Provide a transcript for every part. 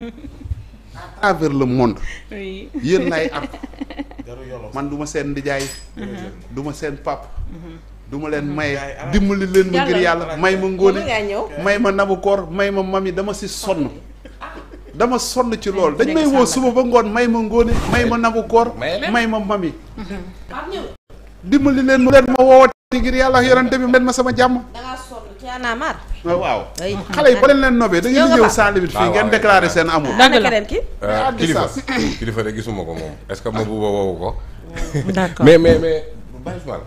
à travers le monde. oui yéen am at. man du ma seen ndijaay. du ma seen pap. Mhm. du ma leen mhm. maye dimbali leen ma ngir yàlla may ma ngóone may ma nabu koor may ma mami dama si sonn. dama sonn ci loolu dañ may woo suba ngoon may ma ngóone may ma nabu koor may ma mhm. leen ma leen ma woowati ngir yàlla yorante bi ma sama jàmm. yaanaamaar. Ah, waaw xale yi ba leen leen nobee da ngeen di ñëw fii ngeen déclaré seen amour. dëgg la eh, euh, kilifa kilifa de gisuma ko moom est ma bu woowu ko. d'accord mais mais mais. Baye Ousmane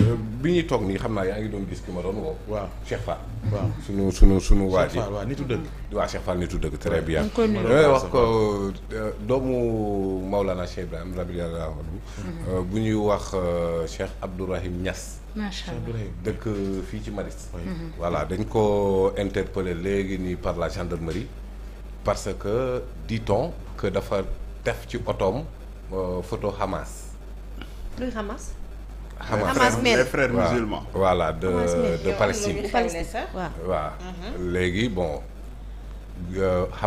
euh, bi ñuy toog nii xam naa yaa ngi doon gis ki ma doon woo. waaw Cheikh Fall. sunu sunu sunu waa ji Cheikh Fall waaw nitu dëgg. waaw Cheikh Fall nitu dëgg euh, euh, doomu Maulana Cheikh mm-hmm. bu ñuy wax Cheikh Abdourahim Niass. dëkk fii ci Maris. Mm-hmm. voilà dañ ko interpellé léegi nii par la gendarmerie. parce que dit-on que dafa def ci otoom photo Hamas. Hamas men les frères musulmans voilà de de Palestine waaw mm-hmm. léegi bon euh,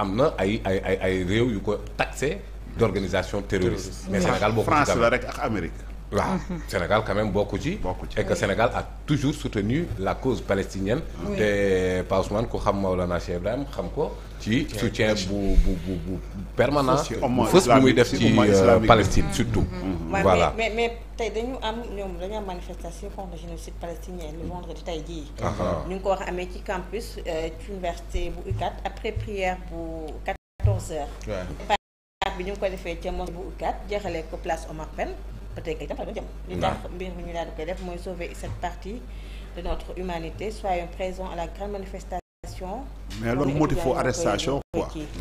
am na ay ay ay ay réew yu ko taxé d'organisation terroriste mm-hmm. mais Sénégal boo ko France la rek ak Amérique waaw mhm. Sénégal quand même bokku ci. bokku ci et que Sénégal a toujours soutenu la cause palestinienne. te Pa Ousmane ku xam Maolana Cheikh Ibrahim xam ko. ci soutien bu bu bu bu permanent. fës bu muy def ci euh, Palestine mhm. surtout. Mhm. voilà mais mais tey dañu am ñoom dañu am manifestation contre le génocide palestinien le vendredi tey jii. ñu ah, ah. ngi ko wax amee ci campus euh, ci université bu UCAD après prière bu 14 bi ñu ngi ko defee ca mosquée bu UCAD jeexalee ko place Omar Pène. peut être que itam fa la jëm. li tax mbir mi ñu daal di koy def mooy sauver cette partie de notre humanité soyons présents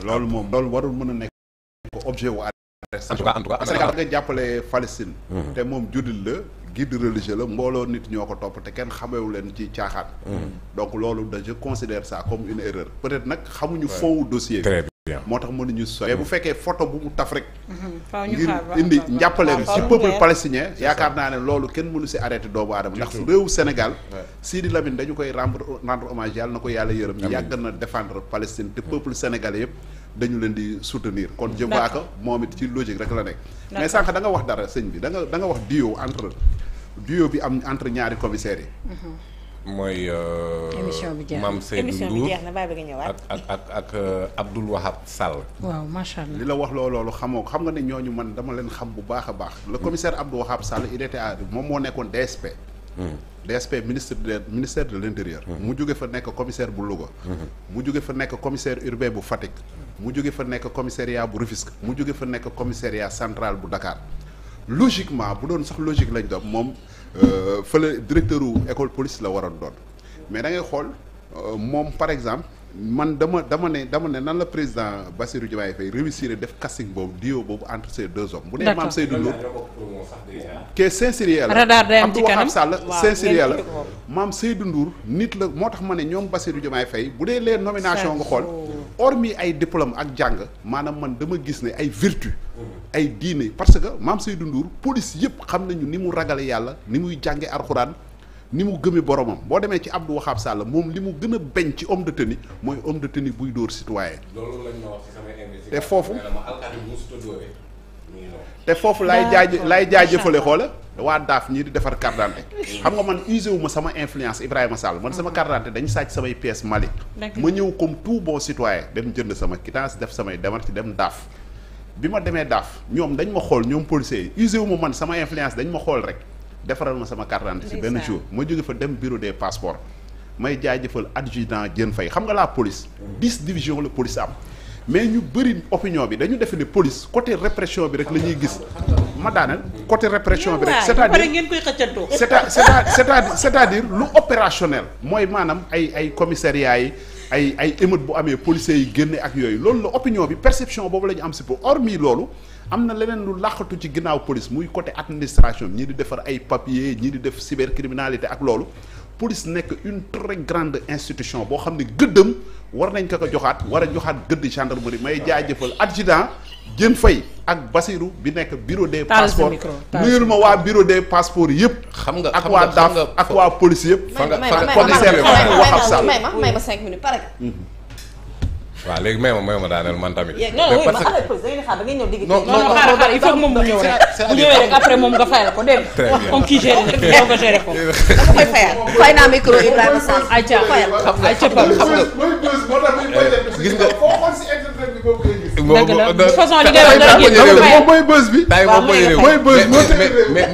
loolu moom loolu warul mën a nekk objet wu arrestation. en tout cas jàppale Palestine. Hmm. te moom juddil la. guide religieux la mbooloo nit ñoo ko topp te kenn xamewu leen ci caaxaan. Hmm. donc loolu da je considère ça comme une erreur peut-être nag xamuñu foofu dossier bi. moo tax mënuñu sori. mais bu fekkee photo bu mu taf rek. Mhm. ngir indi njàppaleem ci peuple palestinien. yaakaar naa ne loolu kenn mënu si arrêté doomu aadama. ndax réewu Sénégal. Sidi Lamine dañu koy rendre rendre hommage yàlla na ko yàlla yërëm. yàgg na défendre Palestine te mm. peuple sénégalais yëpp dañu leen di soutenir. kon je vois moom it ci logique rek la nekk. mais sànq danga wax dara sëñ bi da nga da nga wax duo entre duo bi am entre ñaari commissaires yi. Mhm. mooy. Euh, émission bi jeex na maam Seydou Ndour ak ak ak ak euh, Abdoul Wahab Sall. waaw macha allah li la wax loo loolu xamoo xam nga ne ñooñu man dama leen xam bu baax a baax. le commissaire Abdoul Wahab Sall il était à moom moo nekkoon DSP. Hmm. DSP ministre de ministère de l' hmm. mu jóge fa nekk commissaire bu Louga. Hmm. mu jóge fa nekk commissaire urbain bu Fatick. mu jóge fa nekk commissariat bu Rufisque. mu jóge fa nekk commissariat central bu Dakar. logiquement bu doon sax logique lañ doom moom euh, fële directeur u école police la waroon doon mais da ngay xool euh, moom par exemple man dama dama ne nan la président Bassirou Diomaye Faye réussir def casting boobu dio boobu entre ces deux hommes. bu nee maam Seydou Ndour kee sincériel la radar day am ci kanam Sall sincériel la maam Seydou Ndour nit la moo tax ma ne ñoom Bassirou Diomaye Faye bu dee les nominations nga xool hormis ay diplôme ak jàng maanaam man dama gis ne ay vertu mm-hmm. ay diine parce que maam say Ndour police yëpp xam nañu ni mu ragale yàlla ni muy jànge arxuraan ni mu gëme boromam boo demee ci Abdou Wahab Sall moom li mu gën a bañ ci homme de tenue mooy homme de tenue buy dóor citoyen loolu lañ ma wax te foofu te foofu laay jaaj laay jaajëfale xoola waa daaf ñii di defar carte xam nga man usé wu sama influence Ibrahima Sall man sama carte d'identité dañu sàcc samay pièces Mali ma ñëw comme tout boo citoyen dem jënd sama quittance def samay démarche dem daaf bi ma demee daaf ñoom dañ ma xool ñoom policiers yi usé wu ma man sama influence dañ ma xool rek defaral ma sama carte d'identité ci benn jour ma jóge fa dem bureau des passeports may jaajëfal adjudant Diène Faye xam nga la police dix division la police am mais ñu bëri opinion bi dañu defe ne police côté répression bi rek la ñuy gis ma daaneel côté répression bi rek c'est-à-dire ngeen koy c'est-à-dire c'est-à-dire lu opérationnel mooy maanaam ay ay commissariat yi ay ay émeute bu amee policiers yi génne ak yooyu loolu la opinion bi perception boobu la am si pour hormis loolu am na leneen lu làqatu ci ginnaaw police muy côté administration ñii di defar ay papiers ñii di def cybercriminalité ak loolu police nekk une très grande institution boo xam ne gëddëm war nañ ko ko joxaat war a joxaat gëdd gendre gendarmerie may jaajëfal adjudant jën fay ak Basirou bi nekk bureau des passeports nuyul ma waa bureau des passeports yëpp. xam nga ak waa DAF ak waa police yëpp. fa nga fa nga commissaire wax ab sàll may ma may ma cinq minutes waaw léegi may ma may ma daaneel man parce que non non xaaral xaaral moom mu ñëw rek. bu ñëwee moom nga fayal ko dégg kii géré na kii nga géré ko. moom koy fayal fay naa micro Ibrahima Sall. Eh, ayca ayca xam nga gis nga. dëgg la de façon li nga mooy bës bi. mais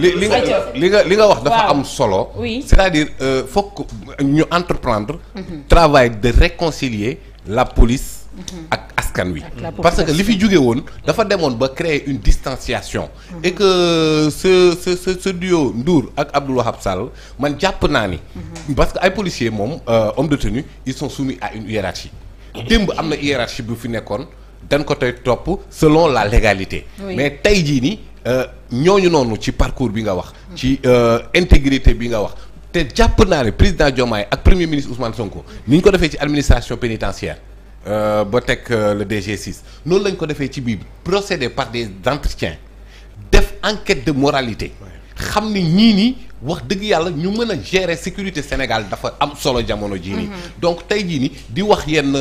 li li nga li nga li nga wax dafa am solo. oui c'est-à-dire euh, fokk ñu entreprendre. travail de réconcilier la police. ak askan wi. parce que li fi jóge woon dafa demoon ba créer une distanciation. et que ce ce ce ce duo ak Abdoul Wahab Sall man jàpp naa ni. parce que ay policier moom euh, hommes de tenue ils sont soumis à une hiérarchie. démb am na hiérarchie bu fi nekkoon dañ ko tey topp selon la légalité. mais tey jii nii. Euh, ñooñu noonu ci parcours bi nga wax. ci euh, intégrité bi nga wax. te jàpp naa ne président jomaay ak premier ministre Ousmane Sonko ni ñu ko defee ci administration pénitentiaire euh, ba teg le DG6 noonu lañ ko defee ci biir procédé par des entretiens def enquête de moralité xam ni ñii nii wax dëgg yàlla ñu mën a gérer sécurité Sénégal dafa am solo jamono jii nii mm-hmm. donc tey jii ni di wax yenn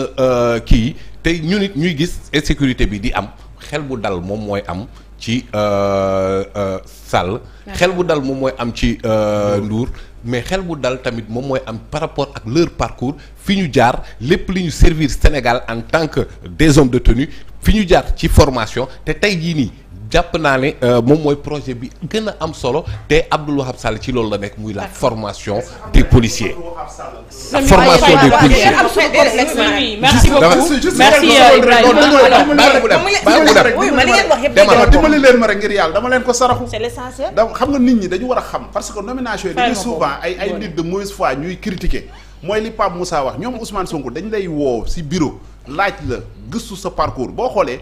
kii yi tey ñu nit ñuy gis insécurité bi di am xel bu dal moom mooy am ci euh, euh, salle xel bu dal moom mooy am ci euh, Ndour. mais xel bu dal tamit moom mooy am par rapport ak leur parcours fi ñu jaar lépp li ñu servir Sénégal en tant que des hommes de tenue fi ñu jaar ci formation te tey jii nii. jàpp naa ne euh, moom mooy projet bi gën a am solo te Abdoul Wahab Sall ci loolu la nekk muy la formation des policiers. la formation des policiers. merci beaucoup merci Ibrahima dimbali leen ma rek ngir yàlla dama leen ko saraxu. c'est l'essentiel. dama xam nga nit ñi dañu war a xam parce que nomination yi dañuy souvent ay ay nit de mauvaise foi ñuy critiquer mooy li Pape wax ñoom Ousmane Sonko dañ lay woo si bureau laaj la gëstu sa parcours boo xoolee.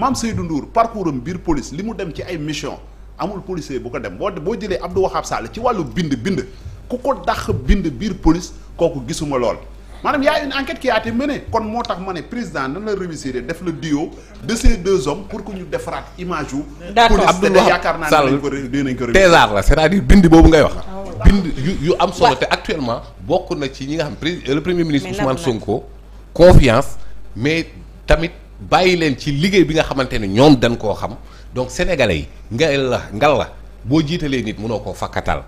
maam Seydou Ndour parcours am biir police li mu dem ci ay mission amul policier bu ko dem boo boo jëlee Abdou Wahab Sall ci wàllu bind bind ku ko dàq bind biir police kooku gisuma lool maanaam y'a une enquête qui a été menée kon moo tax ma ne président nan la réussir def le duo de ces deux hommes pour que ñu defaraat image wu police te yaakaar naa ne dinañ ko désar la c'est-à-dire bind boobu ngay wax ah bind yu am solo te actuellement bokk na ci ñi nga xam le premier ministre Ousmane Sonko mais tamit bàyyi leen ci liggéey bi nga xamante ne ñoom dañ koo xam donc sénégalais yi ngal la ngal la boo jiitalee nit mënoo koo fakkatal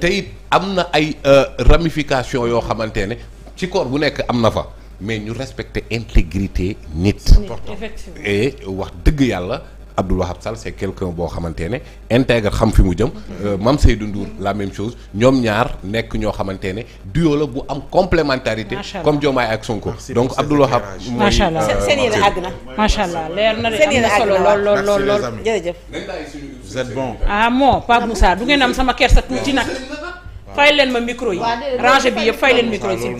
te it am na ay euh, ramification yoo xamante ne ci corps bu nekk am na fa mais ñu respecter intégrité nit et wax dëgg yàlla Abdoul Wahab Sall c'est quelqu'un boo xamante ne xam fi mu jëm euh, Mame Seydou Ndour la même chose ñoom ñaar nekk ñoo xamante ne duo la bu am complémentarité comme Diomaye ak Sonko donc Abdoul Wahab mooy euh, seen yéen a àgg na macha allah leer na de am na solo lool lool lool lool jërëjëf ah bon Pape Moussa du ngeen am sama kersa tuuti nag fay leen ma micro yi rangé bi yëpp fay leen micro yi